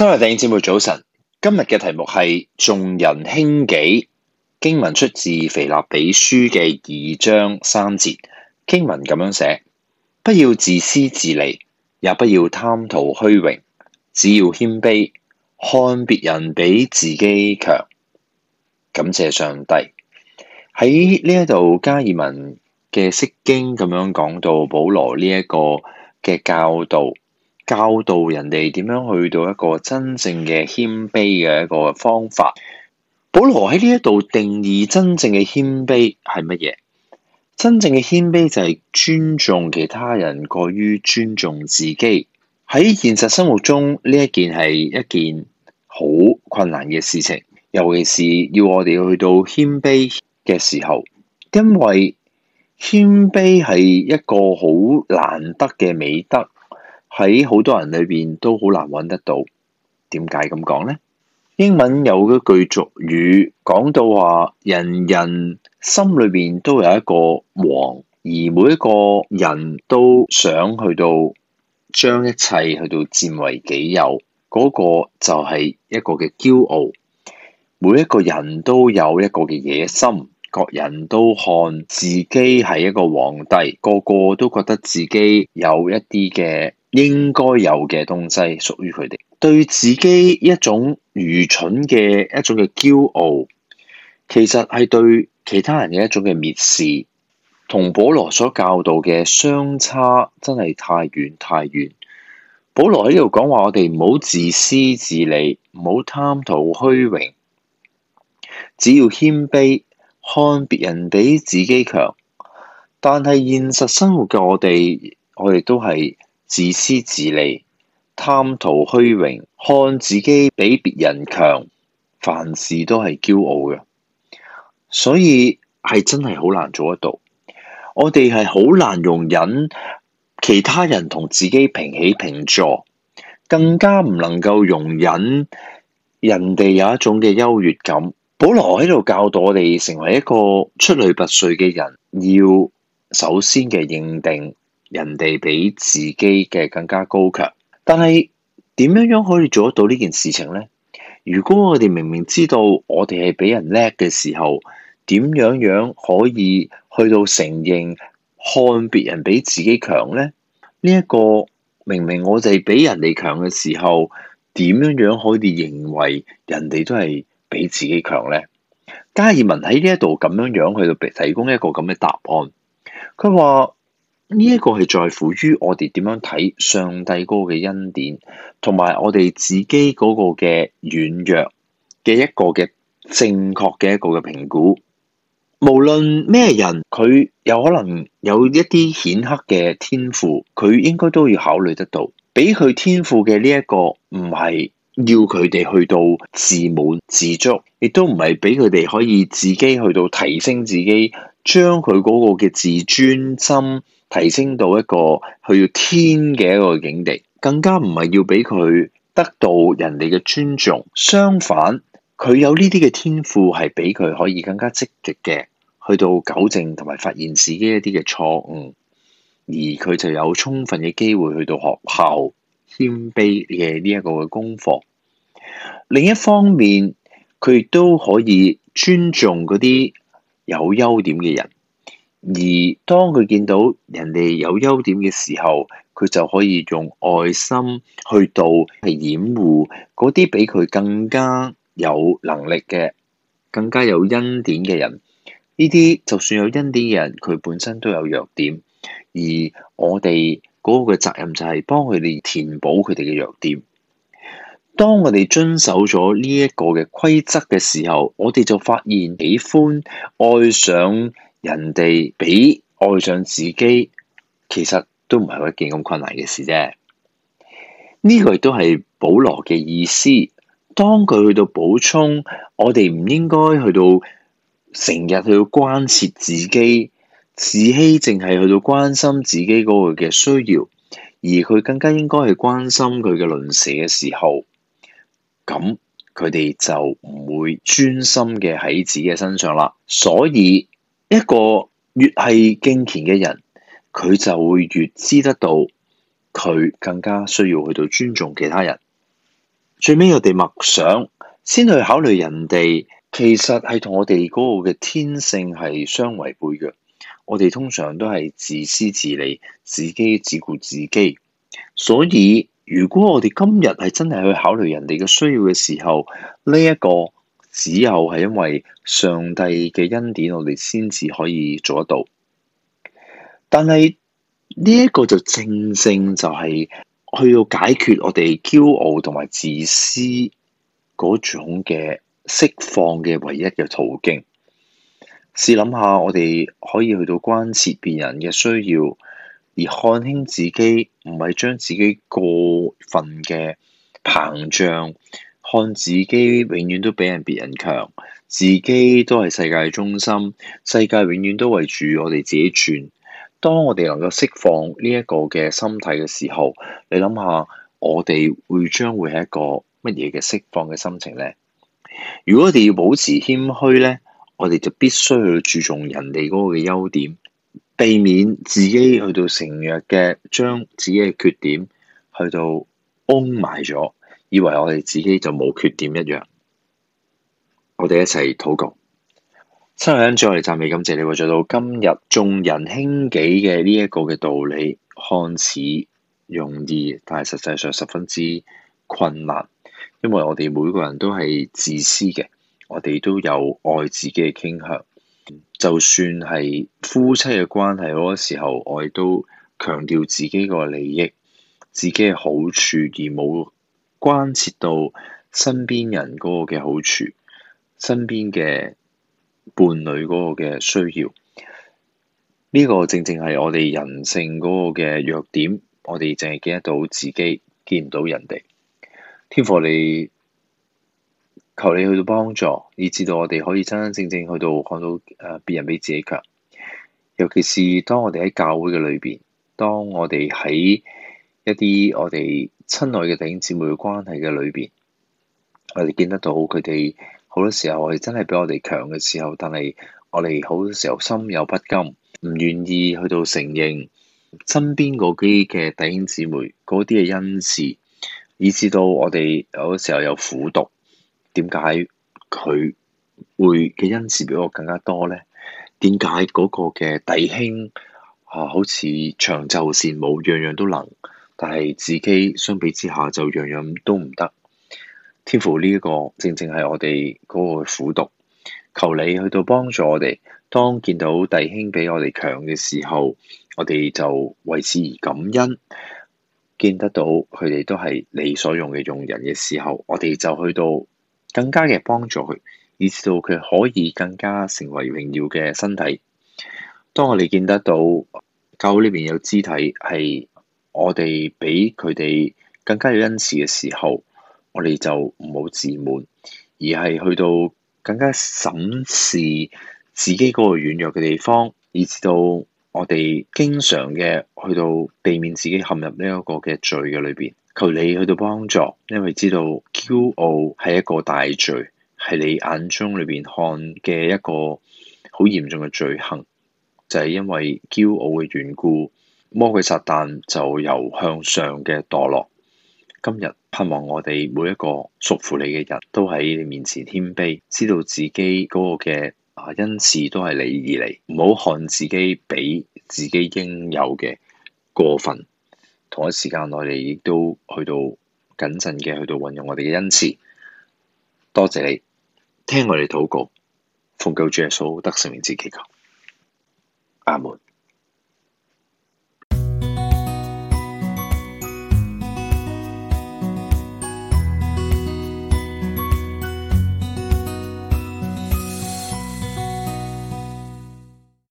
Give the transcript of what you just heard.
收睇電影節目，早晨。今日嘅題目係重人輕己，經文出自腓立比書嘅二章三節。經文咁樣寫：不要自私自利，也不要貪圖虛榮，只要謙卑，看別人比自己強，感謝上帝。喺呢一度加爾文嘅釋經咁樣講到保羅呢一個嘅教導。教導人哋點樣去到一個真正嘅謙卑嘅一個方法。保羅喺呢一度定義真正嘅謙卑係乜嘢？真正嘅謙卑就係尊重其他人過於尊重自己。喺現實生活中，呢一件係一件好困難嘅事情，尤其是要我哋去到謙卑嘅時候，因為謙卑係一個好難得嘅美德。喺好多人裏邊都好難揾得到，點解咁講呢？英文有一句俗語講到話，人人心裏邊都有一個王，而每一個人都想去到將一切去到佔為己有，嗰、那個就係一個嘅驕傲。每一個人都有一個嘅野心，各人都看自己係一個皇帝，個個都覺得自己有一啲嘅。應該有嘅東西屬於佢哋，對自己一種愚蠢嘅一種嘅驕傲，其實係對其他人嘅一種嘅蔑視，同保羅所教導嘅相差真係太遠太遠。保羅喺呢度講話，我哋唔好自私自利，唔好貪圖虛榮，只要謙卑，看別人比自己強。但係現實生活嘅我哋，我哋都係。自私自利、貪圖虛榮、看自己比別人強，凡事都係驕傲嘅，所以係真係好難做得到。我哋係好難容忍其他人同自己平起平坐，更加唔能夠容忍人哋有一種嘅優越感。保羅喺度教導我哋，成為一個出類拔萃嘅人，要首先嘅認定。人哋比自己嘅更加高強，但係點樣樣可以做得到呢件事情呢？如果我哋明明知道我哋係俾人叻嘅時候，點樣樣可以去到承認看別人比自己強呢？呢、這、一個明明我哋係俾人哋強嘅時候，點樣樣可以認為人哋都係比自己強呢？加爾文喺呢一度咁樣樣去到提供一個咁嘅答案，佢話。呢一個係在乎於我哋點樣睇上帝嗰嘅恩典，同埋我哋自己嗰個嘅軟弱嘅一個嘅正確嘅一個嘅評估。無論咩人，佢有可能有一啲顯赫嘅天賦，佢應該都要考慮得到，俾佢天賦嘅呢一個唔係。要佢哋去到自滿自足，亦都唔係俾佢哋可以自己去到提升自己，將佢嗰個嘅自尊心提升到一個去到天嘅一個境地，更加唔係要俾佢得到人哋嘅尊重。相反，佢有呢啲嘅天賦，係俾佢可以更加積極嘅去到糾正同埋發現自己一啲嘅錯誤，而佢就有充分嘅機會去到學校謙卑嘅呢一個嘅功課。另一方面，佢亦都可以尊重嗰啲有優點嘅人，而當佢見到人哋有優點嘅時候，佢就可以用愛心去到係掩護嗰啲比佢更加有能力嘅，更加有恩典嘅人。呢啲就算有恩典嘅人，佢本身都有弱點，而我哋嗰個責任就係幫佢哋填補佢哋嘅弱點。當我哋遵守咗呢一個嘅規則嘅時候，我哋就發現喜歡愛上人哋比愛上自己，其實都唔係一件咁困難嘅事啫。呢、呢個亦都係保羅嘅意思。當佢去到補充，我哋唔應該去到成日去到關切自己、自欺淨係去到關心自己嗰個嘅需要，而佢更加應該係關心佢嘅鄰舍嘅時候。咁佢哋就唔會專心嘅喺自己嘅身上啦，所以一個越係敬虔嘅人，佢就會越知得到，佢更加需要去到尊重其他人。最尾我哋默想，先去考慮人哋，其實係同我哋嗰個嘅天性係相違背嘅。我哋通常都係自私自利，自己只顧自己，所以。如果我哋今日係真係去考慮人哋嘅需要嘅時候，呢一個只有係因為上帝嘅恩典，我哋先至可以做得到。但係呢一個就正正就係去到解決我哋驕傲同埋自私嗰種嘅釋放嘅唯一嘅途徑。試諗下，我哋可以去到關切別人嘅需要。而看輕自己唔係將自己過分嘅膨脹，看自己永遠都比人別人強，自己都係世界中心，世界永遠都圍住我哋自己轉。當我哋能夠釋放呢一個嘅心態嘅時候，你諗下我哋會將會係一個乜嘢嘅釋放嘅心情呢？如果我哋要保持謙虛呢，我哋就必須要注重人哋嗰個嘅優點。避免自己去到承約嘅，將自己嘅缺點去到安埋咗，以為我哋自己就冇缺點一樣。我哋一齊禱告，親愛嘅弟兄，我哋讚美感謝你，會做到今日，重人輕己嘅呢一個嘅道理看似容易，但係實際上十分之困難，因為我哋每個人都係自私嘅，我哋都有愛自己嘅傾向。就算係夫妻嘅關係嗰個時候，我哋都強調自己個利益、自己嘅好處，而冇關切到身邊人嗰個嘅好處、身邊嘅伴侶嗰個嘅需要。呢、這個正正係我哋人性嗰個嘅弱點，我哋淨係記得到自己，見唔到人哋。天父你。求你去到幫助，以至到我哋可以真真正正去到看到誒，別人比自己強。尤其是當我哋喺教會嘅裏邊，當我哋喺一啲我哋親愛嘅弟兄姊妹嘅關係嘅裏邊，我哋見得到佢哋好多時候係真係比我哋強嘅時候。但係我哋好多時候心有不甘，唔願意去到承認身邊嗰啲嘅弟兄姊妹嗰啲嘅恩賜，以至到我哋有啲時候有苦毒。點解佢會嘅恩賜比我更加多呢？點解嗰個嘅弟兄啊，好似長袖善舞，樣樣都能，但係自己相比之下就樣樣都唔得。天父呢一個，正正係我哋嗰個苦讀，求你去到幫助我哋。當見到弟兄比我哋強嘅時候，我哋就為之而感恩。見得到佢哋都係你所用嘅用人嘅時候，我哋就去到。更加嘅幫助佢，以至到佢可以更加成為榮耀嘅身體。當我哋見得到教會呢邊有肢體係我哋俾佢哋更加有恩慈嘅時候，我哋就唔好自滿，而係去到更加審視自己嗰個軟弱嘅地方，以至到我哋經常嘅去到避免自己陷入呢一個嘅罪嘅裏邊。求你去到幫助，因為知道驕傲係一個大罪，係你眼中裏邊看嘅一個好嚴重嘅罪行，就係因為驕傲嘅緣故，魔鬼撒旦就由向上嘅墮落。今日盼望我哋每一個屬乎你嘅人都喺你面前謙卑，知道自己嗰個嘅啊恩賜都係你而嚟，唔好看自己俾自己應有嘅過分。同一時間內，我哋亦都去到謹慎嘅去到運用我哋嘅恩賜。多謝你聽我哋禱告，奉救主耶穌得聖名之祈求。阿門。